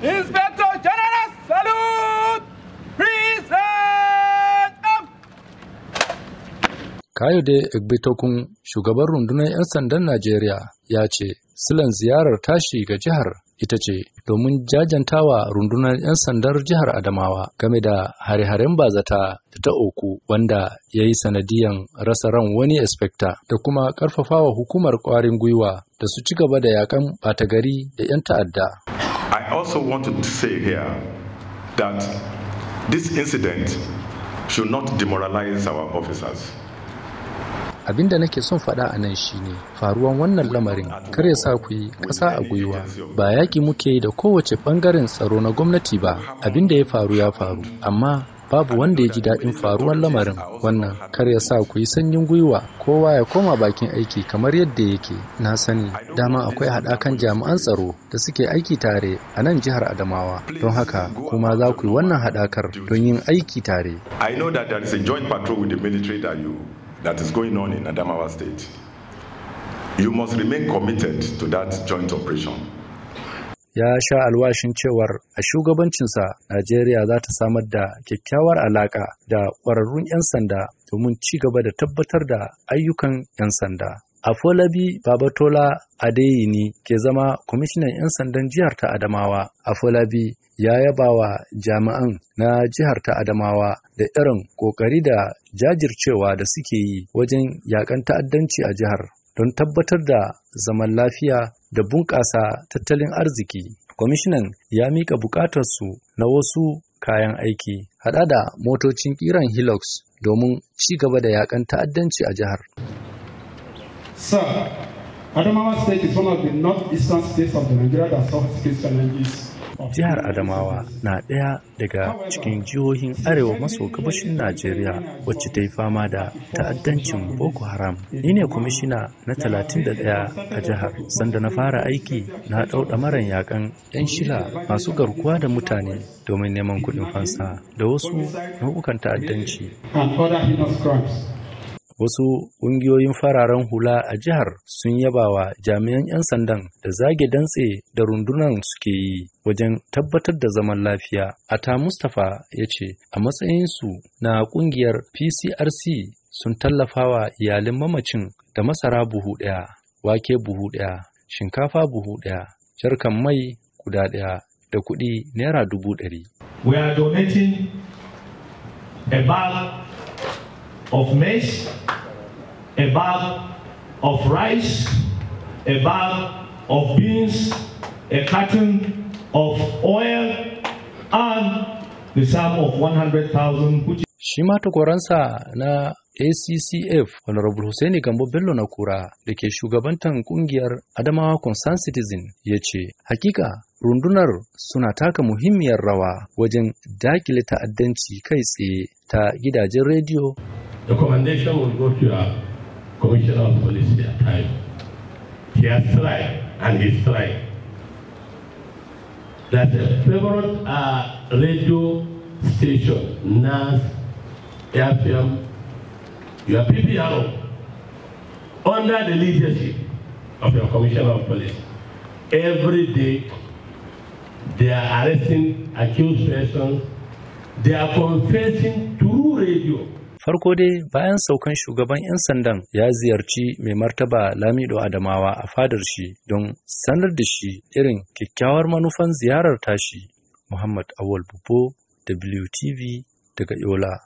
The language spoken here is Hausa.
Inspector General, salute! Present up! Kayode Igbitokun, shugaban rundunar 'yan sandan Najeriya, ya ce, silan ziyarar tashi ga jihar ita ce domin jajantawa rundunar 'yan sandar jihar Adamawa game da hare-haren bazata da ta oku wanda ya yi sanadiyan rasa ran wani inspector da kuma wa hukumar ƙwarin gwiwa da su ci gaba da yakan ɓata gari da 'yan ta'adda. I also want to say here that this incident should not demoralize our officers. abin da nake son faɗa a nan shine faruwan wannan lamarin kar ya sa ku yi ƙasa a gwiwa ba yaƙi muke yi da kowace ɓangaren tsaro na gwamnati ba abin da ya faru ya faru amma babu wanda ya ji daɗin faruwar lamarin wannan kar ya sa ku yi sanyin gwiwa kowa ya koma bakin aiki kamar yadda yake na sani dama akwai haɗakan jami'an tsaro da suke aiki tare a nan jihar adamawa don haka kuma za ku yi wannan haɗakar don yin aiki tare i know that there is a joint patrol with the military that you that is going on in adamawa state you must remain committed to that joint operation ya sha alwashin cewar a shugabancinsa Najeriya za ta samar da kyakkyawar alaƙa da ƙwararrun 'yan sanda domin ci gaba da tabbatar da ayyukan 'yan sanda. Afolabi Babatola Adeyini ke zama kwamishinan 'yan sandan jihar ta Adamawa. Afolabi ya yaba wa jami'an na jihar ta Adamawa da irin ƙoƙari da jajircewa da suke yi wajen yakan ta'addanci a jihar. don tabbatar da zaman lafiya da bunƙasa tattalin arziki. Kwamishinan ya mika buƙatarsu na wasu kayan aiki, haɗa da motocin ƙiran Hilux domin ci gaba da yaƙan ta'addanci a jihar. Sir, Adamawa State is one of the northeastern states of the Nigeria that suffers challenges jihar adamawa na ɗaya daga cikin jihohin arewa maso gabashin najeriya wacce ta yi fama da ta'addancin boko haram ni ne kwamishina na 31 a jihar sanda na fara aiki na ɗauɗa maran yakan 'yan shila masu garkuwa da mutane domin neman kuɗin fansa da wasu nau'ukan ta'addanci wasu ƙungiyoyin fararen hula a jihar sun yaba wa jami'an 'yan sandan da zage dantse da rundunar suke yi wajen tabbatar da zaman lafiya. Ata Mustapha ya ce a matsayinsu na ƙungiyar PCRC sun tallafa wa iyalin mamacin da masara buhu ɗaya, wake buhu ɗaya, shinkafa buhu ɗaya, jarkan mai guda ɗaya da kuɗi naira dubu ɗari. We are donating a bag of maize, a bag of rice, a bag of beans, a carton of oil, and the sum of 100,000, which Shima takwaransa na ACCF Honorable Hussaini Gambo Bello na kura da ke shugabantan kungiyar Adamawa Concerned Citizen ya ce, Hakika rundunar suna taka muhimmiyar rawa wajen dakile ta'addanci kai tsaye ta gidajen rediyo The commendation will go to our commissioner of police at time. He has tried and he's tried. That the favorite uh, radio station, NAS, FM, your PPRO, under the leadership of your commissioner of police, every day they are arresting accused persons, they are confessing through radio farko dai bayan saukan shugaban 'yan sandan ya ziyarci mai martaba lamido adamawa a fadar shi don sanar da shi irin kyakkyawar manufan ziyarar tashi muhammad awal bubo wtv daga yola